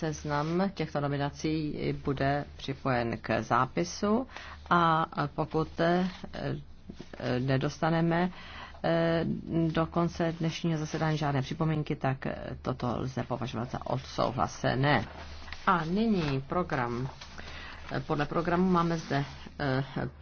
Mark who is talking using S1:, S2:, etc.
S1: seznam těchto nominací bude připojen k zápisu a pokud eh, eh, nedostaneme eh, do konce dnešního zasedání žádné připomínky, tak toto lze považovat za odsouhlasené. A nyní program. Podle programu máme zde